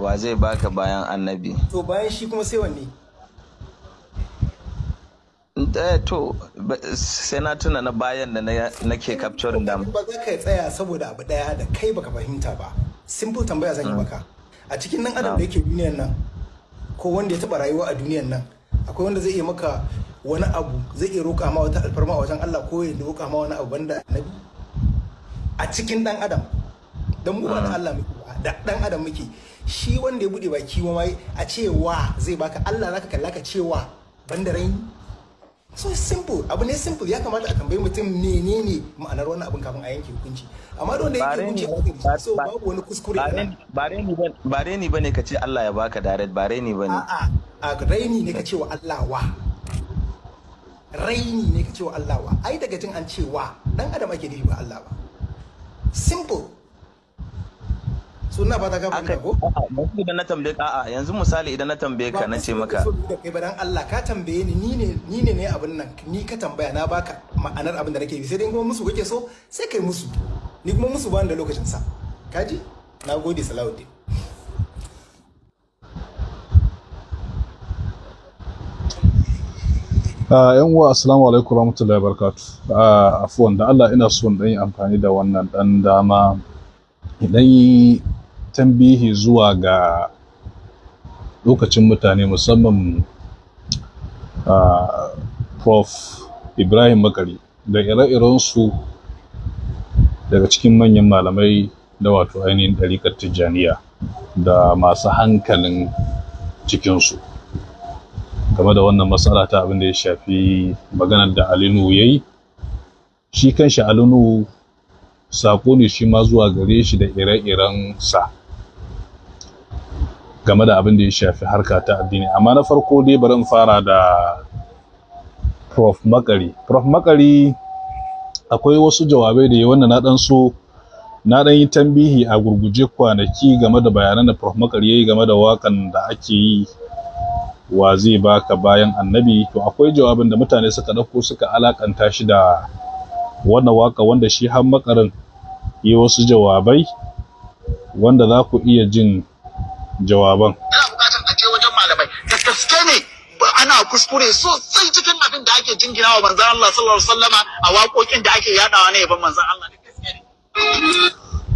wa zai baka bayan annabi to bayan shi kuma sai wanne eh, to sai na tuna na bayan da nake capturing dam ba za ka tsaya saboda abu daya da kai baka fahimta ba simple tambaya zan yi maka a cikin nan adam da yake duniyar nan ko wanda ya taba rayuwa a duniyar nan akwai wanda zai iya maka wani abu zai iya roƙa ma wata alfarma a wajen Allah ko ya roƙa ma wani abu banda annabi a cikin dan adam dan mu ba mm. Allah mai da dan adam muke shi wanda ya bude baki wa mai a cewa zai baka Allah zaka kalla ka cewa banda rai so simple abu ne simple ya kamata a tambayi mutum menene ma'anar wannan abin kafin a yanke hukunci amma da wanda yake hukunci a so babu wani kuskure ba reni ba ne ka ce Allah ya baka direct ba reni ba ne a'a a raini ne ka ce wa Allah wa raini ne ka ce wa Allah wa ai daga jin an ce wa dan adam ake nufi ba Allah ba simple suna ba ta da ko idan na tambaye ka a yanzu misali idan na tambaye ka na ce maka kai bayan Allah ka tambaye ni ne ni ne ne abin nan ni ka tambaya na baka ma'anar abin da nake yi sai dai kuma musu kake so sai kai musu ni kuma musu ba da lokacin sa kaji na gode Salahuddin ah, yan uwa assalamu alaikum warahmatullahi wabarakatuh ah, afuwan da Allah ina son dan yi amfani da wannan dan dama idan tambihi zuwa ga lokacin mutane musamman prof ibrahim makari da ire-irensu daga cikin manyan malamai da wato ainihin ɗarikar tijjaniya da masu hankalin cikinsu game da wannan matsala ta abin da ya shafi maganar da alinu ya yi shi kanshi alinu saƙo ne shi ma zuwa gare shi da ire iren sa. game da abin da ya shafi harka ta addini amma na farko dai bari in fara da prof makari prof makari akwai wasu jawabai da ya wanda na dan so na dan yi tambihi a gurguje kwanaki game da bayanan da prof makari ya yi game da wakan da ake yi wa zai baka bayan annabi to akwai jawabin da mutane suka dauko suka alakanta shi da wannan waka wanda shi har makarin yi wasu jawabai wanda za ku iya jin jawaban ana bukatar a wajen malamai da gaske ne ana kuskure sosai cikin abin da ake jingina wa manzan Allah sallallahu alaihi wasallama a waƙoƙin da ake yadawa na yaban manzan Allah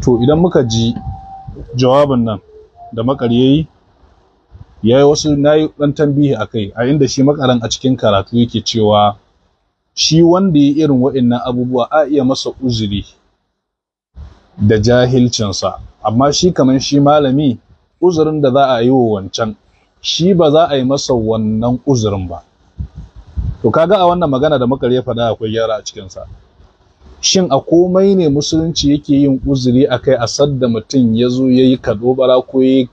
to idan muka ji jawabin nan da makari yayi ya wasu nayi dan tambihi a kai a inda shi makaran a cikin karatu yake cewa shi wanda ya irin waɗannan abubuwa a iya masa uzuri da jahilcinsa amma shi kamar shi malami uzurin da za a yi wa wancan shi ba za a yi masa wannan uzurin ba to kaga a wannan magana da makare faɗa akwai gyara a cikinsa shin a komai ne musulunci yake yin uzuri akai a sadda mutum ya zo ya yi kadobara ko ya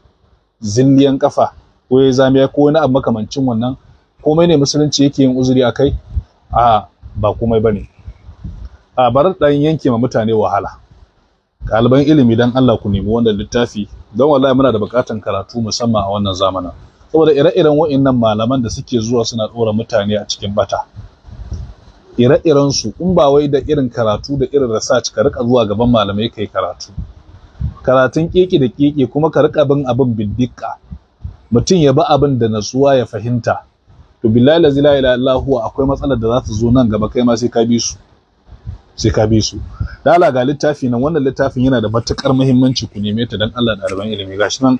zilliyan kafa ko ya zamiya ko wani abu makamancin wannan komai ne musulunci yake yin uzuri akai kai a ba komai ba ne a bar ɗan yanke ma mutane wahala ɗaliban ilimi don Allah ku nemi wannan littafi don wallahi muna da buƙatar karatu musamman a wannan zamanin saboda ire-iren wa'annan malaman da suke zuwa suna ɗora mutane a cikin bata ire-iren su in ba wai da irin karatu da irin research ka rika zuwa gaban malamai kai karatu karatun keke da keke kuma ka rika bin abin biddika mutum ya bi abin da natsuwa ya fahimta to billahi la ilaha illa akwai matsalar da za ta zo nan gaba kai ma sai ka bi su sai ka bi su da Allah ga littafi nan wannan littafin yana da matukar muhimmanci ku neme ta dan Allah da arban ilimi gashi nan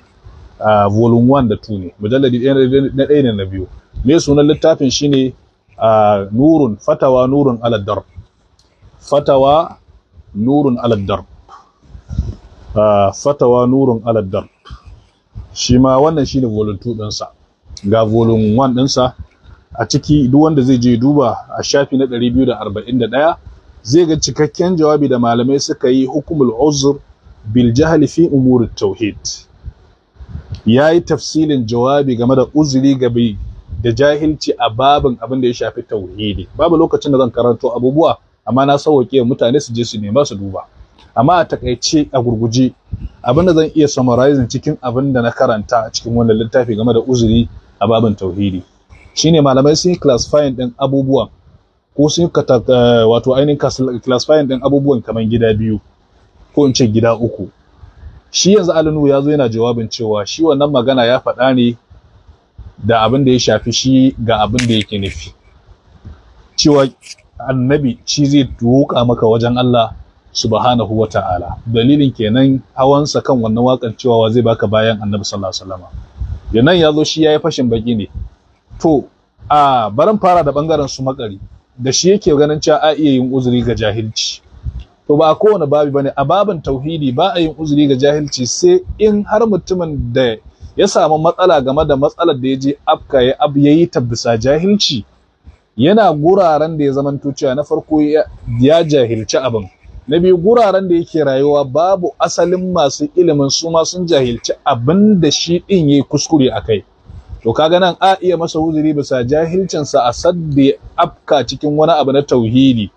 a volume 1 da 2 ne mujalladi na ɗaya ne na 2 me sunan littafin shine a nurun fatawa nurun aladdar fatawa nurun aladdar fatawa nurun aladdar shi ma wannan shine volume 2 din sa ga volume 1 din sa a ciki duk wanda zai je duba a shafi na 241 zai ga cikakken jawabi da malamai suka yi hukumul uzur bil jahli fi umur tauhid ya yi tafsilin jawabi game da uzuri gabe da jahilci a babin abin da ya shafi tauhidi babu lokacin da zan karanto abubuwa amma na sauke mutane su je su nema su duba amma a takaice a gurguje abin da zan iya summarizing cikin abin da na karanta a cikin wannan littafi game da uzuri a babin tauhidi shine malamai sun classifying din abubuwan ko sun eh, wato ainihin classifying din abubuwan kamar gida biyu ko in ce gida uku shi yanzu alinu ya zo yana jawabin cewa shi wannan magana ya faɗa ne da abin da ya shafi shi ga abin da yake nufi cewa annabi shi zai roƙa maka wajen Allah subhanahu wa ta'ala dalilin kenan hawansa kan wannan wakan cewa zai baka bayan annabi sallallahu alaihi wasallam ya zo shi yayi fashin baki ne to a barin fara da bangaren su makari da shi yake ganin cewa a iya yin uzuri ga jahilci to ba kowane babi bane a babin tauhidi ba a yin uzuri ga jahilci sai in har mutumin da ya samu matsala game da matsalar da ya je afka ya ab yayi tabbisa jahilci yana guraren da ya zamanto cewa na farko ya jahilci abin na biyu guraren da yake rayuwa babu asalin masu ilimin su ma sun jahilci abin da shi din yayi kuskure akai to kaga nan a iya masa uzuri bisa jahilcinsa a sadde afka cikin wani abu na tauhidi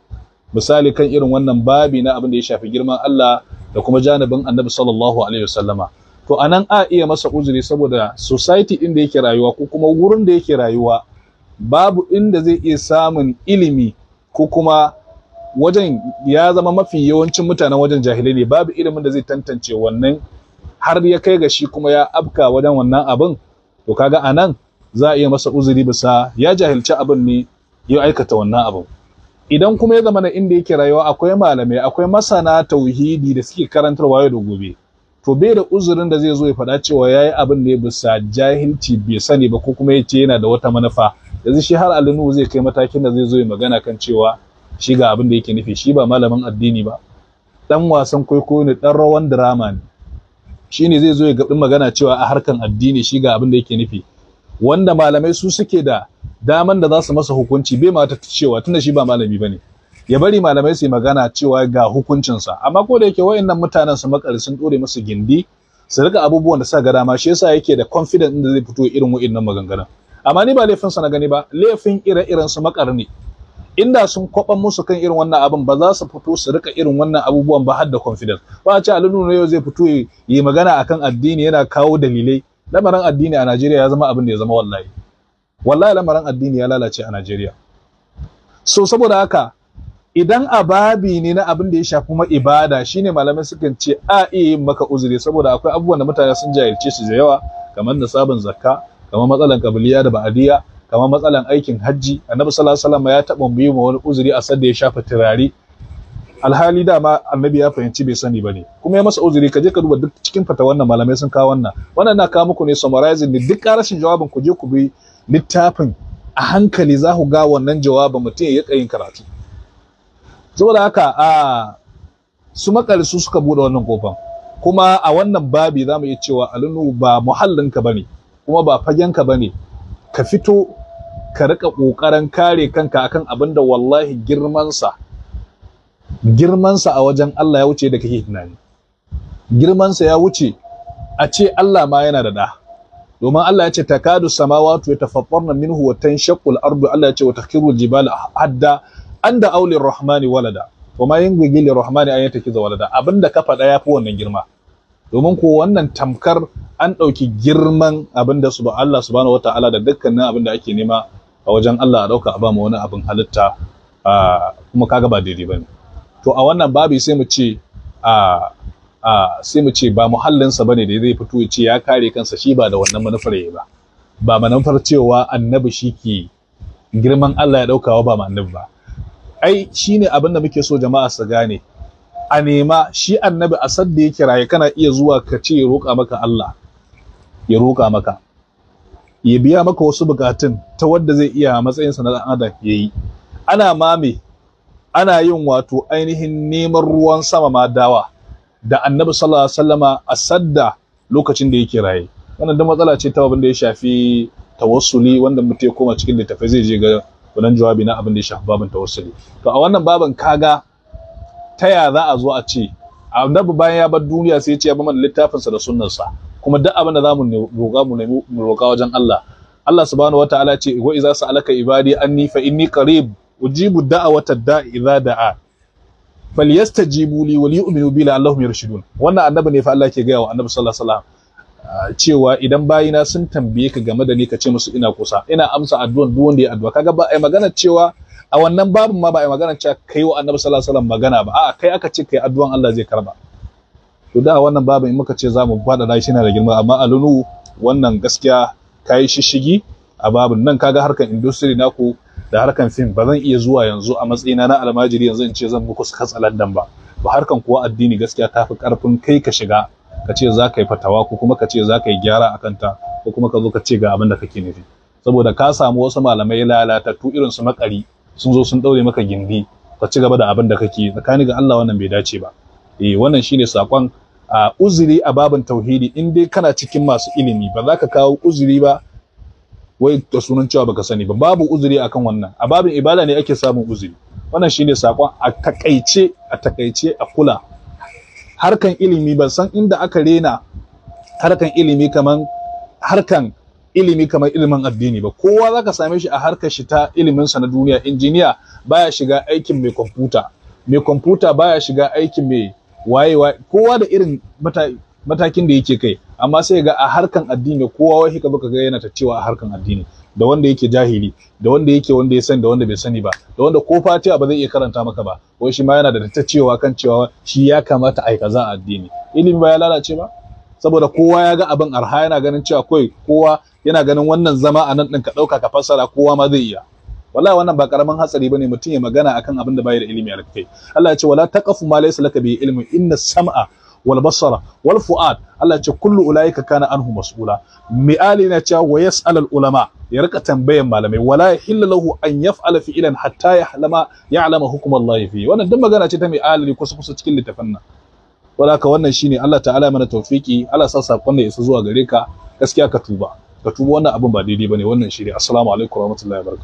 misali kan irin wannan babi na abin da ya shafi girman Allah da kuma janibin annabi sallallahu alaihi wasallama to anan a iya masa uzuri saboda society inda yake rayuwa ko kuma wurin da yake rayuwa babu inda zai iya samun ilimi ko kuma wajen ya zama mafi yawancin mutanen wajen jahilai ne babu ilimin da zai tantance wannan har ya kai ga shi kuma ya afka wajen wannan abin to kaga anan za a iya masa uzuri bisa ya jahilci abin ne ya aikata wannan abu idan kuma ya zama na inda yake rayuwa akwai malamai akwai masana tauhidi da suke karantar wayo da gobe to bai da uzurin da zai zo ya faɗa cewa yayi abin ne bisa jahilci bai sani ba ko kuma ya ce yana da wata manufa yanzu shi har alinu zai kai matakin da zai zo ya magana kan cewa shi ga abin da yake nufi shi ba malamin addini ba dan wasan kwaikwayo ne ɗan rawan drama ne Shi ne zai zo ya gaɓi magana cewa a harkan addini shi ga abin da yake nufi wanda malamai su suke da daman da za su masa hukunci bai mata cewa tunda shi ba malami ne. ya bari malamai su yi magana cewa ga hukuncinsa amma ko da yake wayannan mutanen su makari sun dore musu gindi su rika abubuwan da sa ga dama shi yasa yake da confident da zai fito irin wayannan maganganun amma ni ba laifin sa na gani ba laifin ire-iren su makar ne inda sun kwaban musu kan irin wannan abin ba za su fito su rika irin wannan abubuwan ba har da confidence ba a ce alinu yau zai fito yi magana akan addini yana kawo dalilai lamarin addini a Najeriya ya zama abin da ya zama wallahi wallahi lamarin addini ya lalace a Najeriya so saboda haka idan ababi ne na abin da ya shafi ma ibada shine malamai sukan ce a iya yin maka uzuri saboda akwai abubuwan da mutane sun jahilce su da yawa kamar da sabon zakka kamar matsalan kabiliya da ba'adiyya kamar matsalan aikin hajji annabi sallallahu alaihi wasallam ya taba mu yi wa wani uzuri a sadda ya shafa turare alhali dama annabi ya fahimci bai sani ba ne kuma ya masa uzuri ka je ka duba duk cikin fata wannan malamai sun kawo wannan wannan na kawo muku ne summarizing ne duk karashin jawabin ku je ku bi littafin a hankali za ku ga wannan jawabin mutum ya yin karatu saboda haka a su makarisu su suka bude wannan kofan kuma a wannan babi za mu iya cewa Nuhu ba muhallinka bane kuma ba fagenka ka ka fito ka rika ƙoƙarin kare kanka akan abin da wallahi girmansa girmansa a wajen Allah ya wuce da kake tunani girmansa ya wuce a ce Allah ma yana da d'a, domin Allah ya ce takadu samawatu ya tafattarna minhu wa tanshaqul ardu Allah ya ce wa takhiru jibala hadda anda aulir rahmani walada wa ma yanbaghi lirrahmani an yatakiza walada abinda ka fada yafi wannan girma domin ko wannan tamkar an ɗauki girman abin da Allah subhanahu wa ta'ala da dukkanin abinda ake nema a wajen Allah a dauka a ba wani abin halitta kuma kaga ba daidai bane to a wannan babi sai mu ce a a sai mu ce ba muhallinsa bane da zai fito ya ce ya kare kansa shi ba da wannan manufar yayi ba ba manufar cewa annabi shi ke girman Allah ya daukawa ba annabi ba ai shine abin da muke so jama'a su gane a nema shi annabi a sadda ya ya kana iya zuwa ka ce ya roƙa maka Allah ya roƙa maka ya biya maka wasu bukatun ta wanda zai iya sa na adam ya yi ana mame ana yin wato ainihin neman ruwan sama ma dawa da annabi sallallahu alaihi wasallama a sadda lokacin da yake raye wannan duk matsala ce ta abin da ya shafi tawassuli wanda mutum ya koma cikin littafai zai je ga wannan jawabi na abin da ya shafi babin tawassuli to a wannan babin kaga ta ya za a zo a ce annabi bayan ya bar duniya sai ya ce ya bar mana littafinsa da sunnarsa kuma duk abin da za mu roƙa mu roƙa wajen Allah Allah subhanahu wataala ce wa iza sa'alaka ibadi anni fa inni qarib ujibu da'wata da'i idza da'a falyastajibu li wa liyu'minu bi la'allahum yarshudun wannan annabi ne fa Allah ke gaya wa annabi sallallahu alaihi wasallam ah, cewa idan bayina sun tambaye ka game da ni ka ce musu ina kusa ina amsa addu'an duk wanda ya addu'a kaga ba ai magana cewa a wannan babin ma ba ai magana cewa kai wa annabi sallallahu alaihi wasallam magana ba a'a kai aka ce kai addu'an Allah zai karba to da wannan babin in muka ce za mu faɗaɗa shi na da girma amma a lunu wannan gaskiya kayi shishigi a babin nan kaga harkan industry naku da harkan fim ba zan iya zuwa yanzu a matsayina na almajiri yanzu in ce zan muku Landan ba ba harkan kuwa addini gaskiya ta fi karfin kai ka shiga ka ce za ka yi fatawa ko kuma ka ce za ka yi gyara a kanta ko kuma ka zo ka ce ga abin da kake nufi saboda ka samu wasu malamai lalatattu irin su makari sun zo sun daure maka gindi ka ci gaba da abin da kake tsakani ga Allah wannan bai dace ba eh wannan shine sakon a uzuri a babin tauhidi in dai kana cikin masu ilimi ba za ka kawo uzuri ba wai da sunan cewa baka sani ba babu uzuri akan wannan a babin ibada ne ake samun uzuri wannan shine sakon a takaice a takaice a kula harkan ilimi ban san inda aka rena harkan ilimi kaman harkan ilimi kamar ilimin addini ba kowa zaka same shi a harkar shi ta ilimin sa na duniya injiniya baya shiga aikin mai kwamfuta mai kwamfuta baya shiga aikin mai waye waye kowa da irin matakin da yake kai amma sai ga a harkan addini kowa wai ka baka ga yana ta cewa a harkan addini da wanda yake jahili da wanda yake wanda ya sani da wanda bai sani ba da wanda ko fatiha ba zai iya karanta maka ba wai shi ma yana da ta cewa kan cewa shi ya kamata a yi kaza a addini ilimi ba ya lalace ba saboda kowa ya ga abin arha yana ganin cewa kowa yana ganin wannan zama a nan ɗin ka ɗauka ka fassara kowa ma zai iya wallahi wannan ba karaman hatsari bane mutum ya magana akan abin da bai da ilimi alkai Allah ya ce wala taqafu ma laysa laka bi ilmi inna sam'a wal basara wal fu'ad Allah ya ce kullu ulaika kana anhu mas'ula mi'ali na cewa wa yas'al al ulama ya rika tambayan malamai wala hilla lahu an yaf'ala ilan hatta ya ya'lama hukum Allah fi wannan duk magana ce ta mi'ali kusa kusa cikin littafin nan wala ka wannan shine Allah ta'ala mana tawfiki Allah sa sakon da isa zuwa gare ka gaskiya ka tuba ka tuba wannan abin ba daidai bane wannan shine assalamu alaikum warahmatullahi wabarakatuh